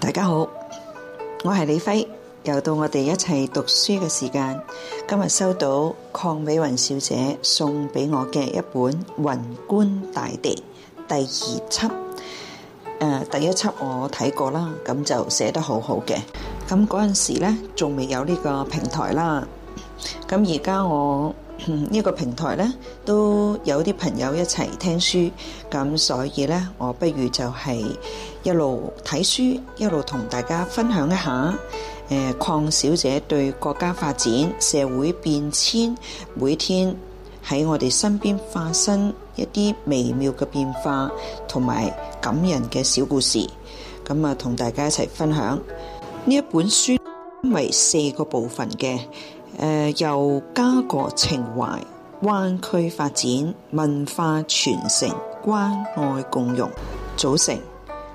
大家好，我係李輝，又到我哋一齊讀書嘅時間。今日收到鄺美雲小姐送俾我嘅一本《雲觀大地》第二輯，呃，第一輯我睇過啦，咁就寫得好好嘅。咁嗰陣時呢，仲未有呢個平台啦。咁而家我。呢一個平台咧，都有啲朋友一齊聽書，咁所以咧，我不如就係一路睇書，一路同大家分享一下。誒、呃，鄺小姐對國家發展、社會變遷，每天喺我哋身邊發生一啲微妙嘅變化，同埋感人嘅小故事，咁啊，同大家一齊分享呢一本書，係為四個部分嘅。呃、由家國情懷、灣區發展、文化傳承、關愛共融組成。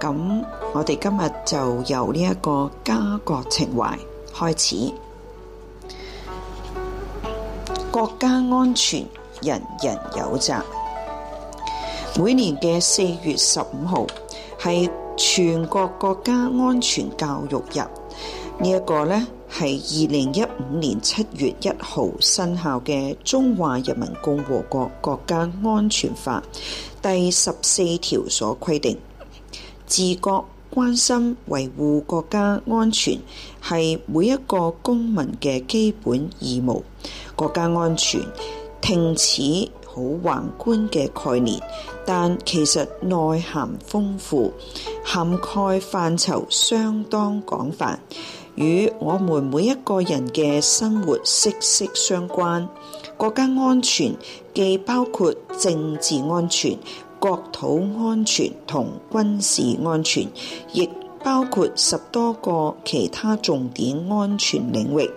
咁，我哋今日就由呢一個家國情懷開始。國家安全，人人有責。每年嘅四月十五號係全國國家安全教育日。呢、這、一個呢。係二零一五年七月一號生效嘅《中華人民共和國國家安全法》第十四條所規定，自覺關心維護國家安全係每一個公民嘅基本義務。國家安全聽似好宏觀嘅概念，但其實內涵豐富，涵蓋範疇相當廣泛。與我們每一個人嘅生活息息相關。國家安全既包括政治安全、國土安全同軍事安全，亦包括十多個其他重點安全領域：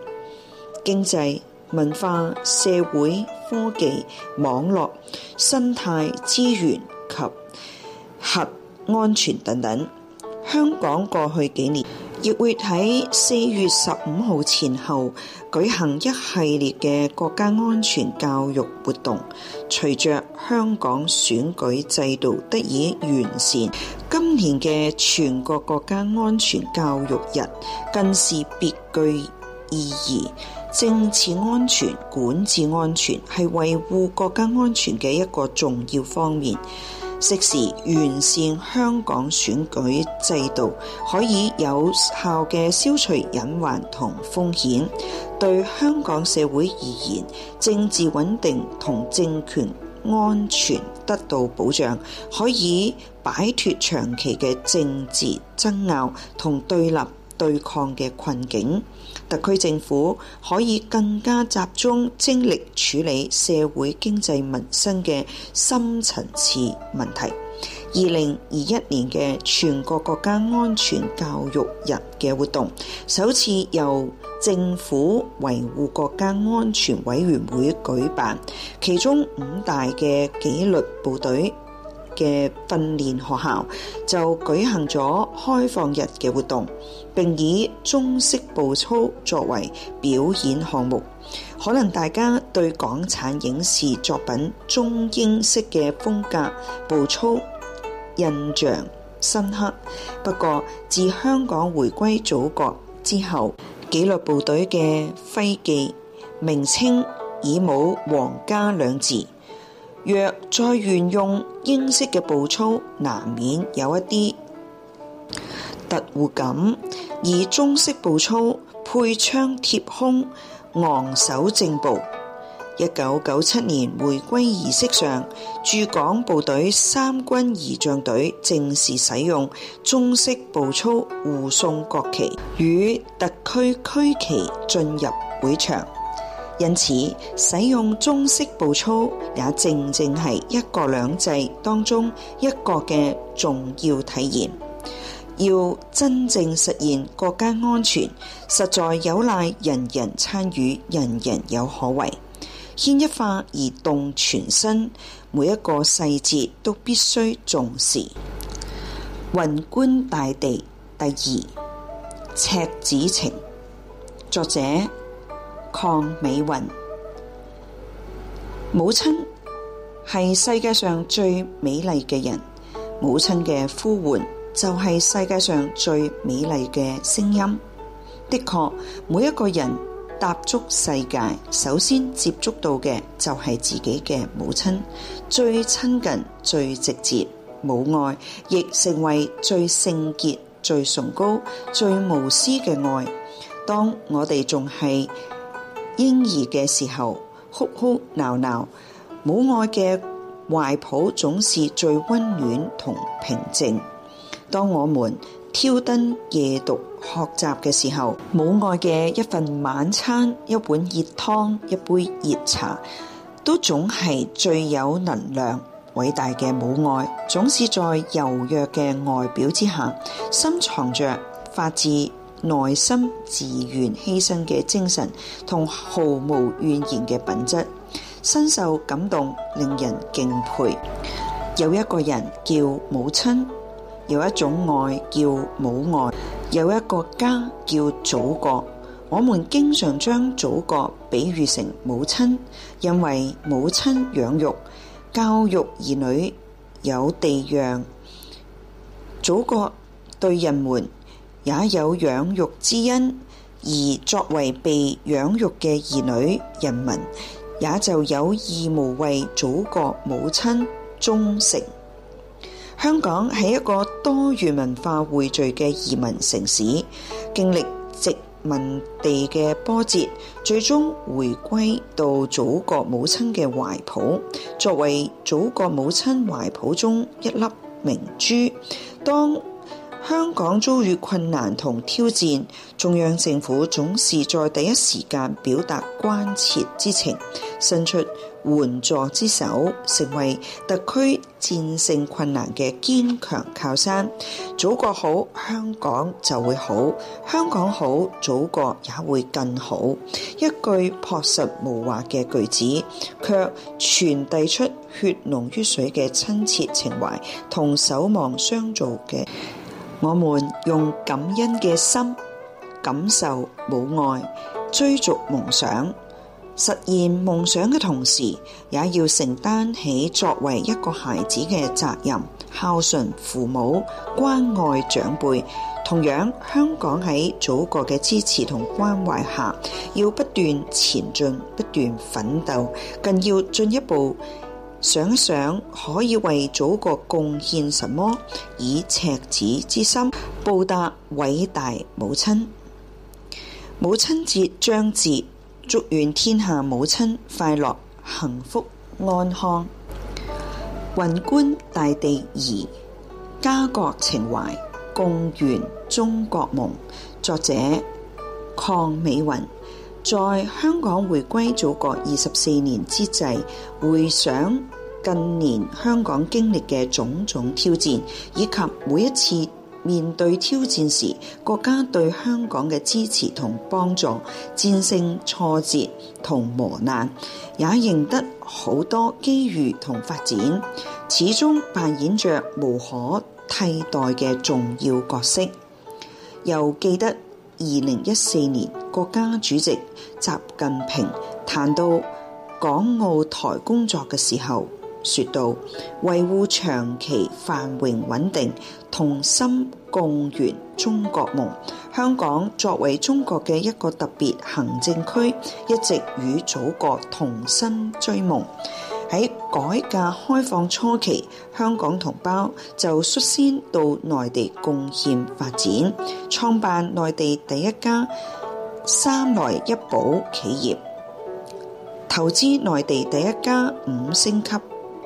經濟、文化、社會、科技、網絡、生態資源及核安全等等。香港過去幾年，亦會喺四月十五號前後舉行一系列嘅國家安全教育活動。隨着香港選舉制度得以完善，今年嘅全國國家安全教育日更是別具意義。政治安全、管治安全係維護國家安全嘅一個重要方面。適時完善香港選舉制度，可以有效嘅消除隱患同風險。對香港社會而言，政治穩定同政權安全得到保障，可以擺脫長期嘅政治爭拗同對立。對抗嘅困境，特區政府可以更加集中精力處理社會經濟民生嘅深層次問題。二零二一年嘅全國國家安全教育日嘅活動，首次由政府維護國家安全委員會舉辦，其中五大嘅紀律部隊嘅訓練學校就舉行咗開放日嘅活動，並以中式步操作為表演項目。可能大家對港產影視作品中英式嘅風格步操印象深刻。不過，自香港回歸祖國之後，紀律部隊嘅徽記名稱已冇皇家兩字。若再沿用英式嘅步操，難免有一啲突兀感；而中式步操配槍貼胸，昂首正步。一九九七年回歸儀式上，駐港部隊三軍儀仗隊正式使用中式步操護送國旗與特區區旗進入會場。因此，使用中式步操也正正係一國兩制當中一國嘅重要體現。要真正實現國家安全，實在有賴人人參與、人人有可為。牽一髮而動全身，每一個細節都必須重視。雲觀大地，第二赤子情，作者。鄺美雲母親係世界上最美麗嘅人。母親嘅呼喚就係世界上最美麗嘅聲音。的確，每一個人踏足世界，首先接觸到嘅就係自己嘅母親，最親近、最直接、母愛，亦成為最聖潔、最崇高、最無私嘅愛。當我哋仲係。嬰兒嘅時候，哭哭鬧鬧，母愛嘅懷抱總是最溫暖同平靜。當我們挑燈夜讀學習嘅時候，母愛嘅一份晚餐、一碗熱湯、一杯熱茶，都總係最有能量。偉大嘅母愛，總是在柔弱嘅外表之下，深藏着法治。內心自願犧牲嘅精神同毫無怨言嘅品質，深受感動，令人敬佩。有一個人叫母親，有一種愛叫母愛，有一個家叫祖國。我們經常將祖國比喻成母親，因為母親養育教育兒女有地讓，祖國對人們。也有養育之恩，而作為被養育嘅兒女人民，也就有義務為祖國母親忠誠。香港係一個多元文化匯聚嘅移民城市，經歷殖民地嘅波折，最終回歸到祖國母親嘅懷抱。作為祖國母親懷抱中一粒明珠，當香港遭遇困難同挑戰，中央政府總是在第一時間表達關切之情，伸出援助之手，成為特區戰勝困難嘅堅強靠山。祖國好，香港就會好；香港好，祖國也會更好。一句樸實無華嘅句子，卻傳遞出血濃於水嘅親切情懷同守望相助嘅。我們用感恩嘅心，感受母愛，追逐夢想，實現夢想嘅同時，也要承擔起作為一個孩子嘅責任，孝順父母，關愛長輩。同樣，香港喺祖國嘅支持同關懷下，要不斷前進，不斷奮鬥，更要進一步。想想可以為祖國貢獻什麼，以赤子之心報答偉大母親。母親節將至，祝願天下母親快樂、幸福、安康。雲觀大地儀，家國情懷共圓中國夢。作者：鄺美雲。在香港回歸祖國二十四年之際，回想近年香港經歷嘅種種挑戰，以及每一次面對挑戰時，國家對香港嘅支持同幫助，戰勝挫折同磨難，也贏得好多機遇同發展，始終扮演着無可替代嘅重要角色。又記得二零一四年。國家主席習近平談到港澳台工作嘅時候，説到維護長期繁榮穩定，同心共圓中國夢。香港作為中國嘅一個特別行政區，一直與祖國同心追夢。喺改革開放初期，香港同胞就率先到內地貢獻發展，創辦內地第一家。三來一補企業投資內地第一家五星級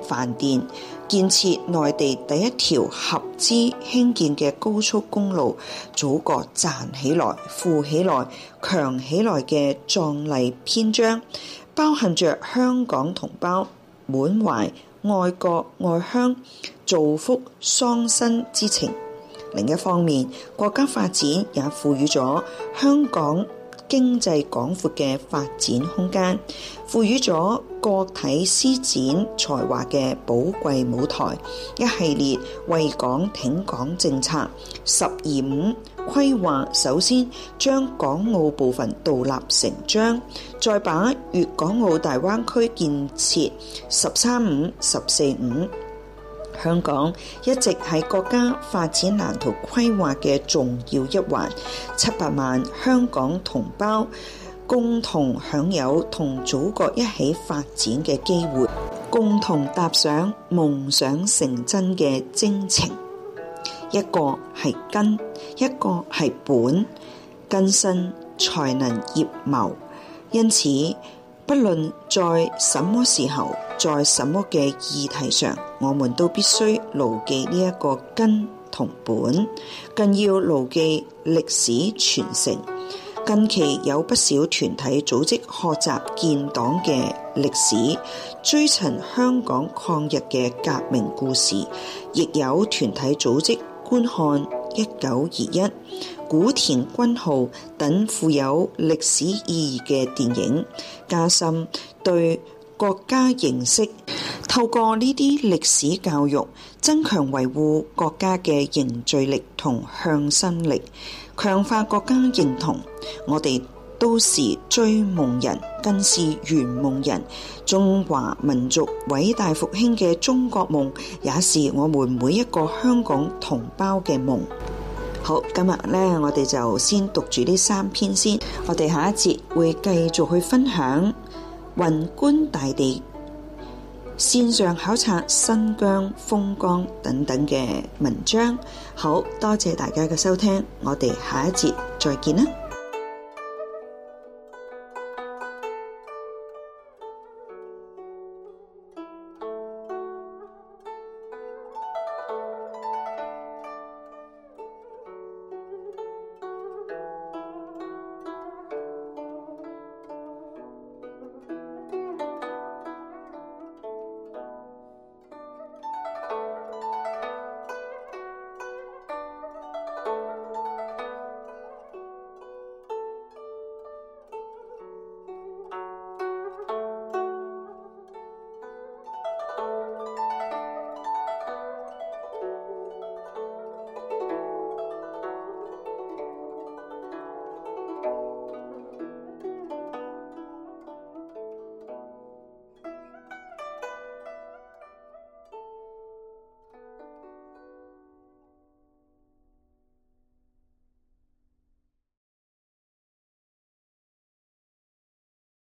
飯店，建設內地第一條合資興建嘅高速公路，祖國站起來、富起來、強起來嘅壯麗篇章，包含着香港同胞滿懷愛國愛鄉、造福桑梓之情。另一方面，國家發展也賦予咗香港，經濟廣闊嘅發展空間，賦予咗個體施展才華嘅寶貴舞台。一系列為港挺港政策，十二五規劃首先將港澳部分獨立成章，再把粵港澳大灣區建設。十三五、十四五。香港一直係國家發展藍圖規劃嘅重要一環，七百萬香港同胞共同享有同祖國一起發展嘅機會，共同踏上夢想成真嘅征程。一個係根，一個係本，根深才能葉茂，因此。不論在什麼時候，在什麼嘅議題上，我們都必須牢記呢一個根同本，更要牢記歷史傳承。近期有不少團體組織學習建黨嘅歷史，追尋香港抗日嘅革命故事，亦有團體組織觀看一九二一。古田軍號等富有歷史意義嘅電影，加深對國家認識。透過呢啲歷史教育，增強維護國家嘅凝聚力同向心力，強化國家認同。我哋都是追夢人，更是圓夢人。中華民族偉大復興嘅中國夢，也是我們每一個香港同胞嘅夢。好，今日咧，我哋就先讀住呢三篇先。我哋下一節會繼續去分享雲觀大地、線上考察新疆風光等等嘅文章。好多謝大家嘅收聽，我哋下一節再見啦。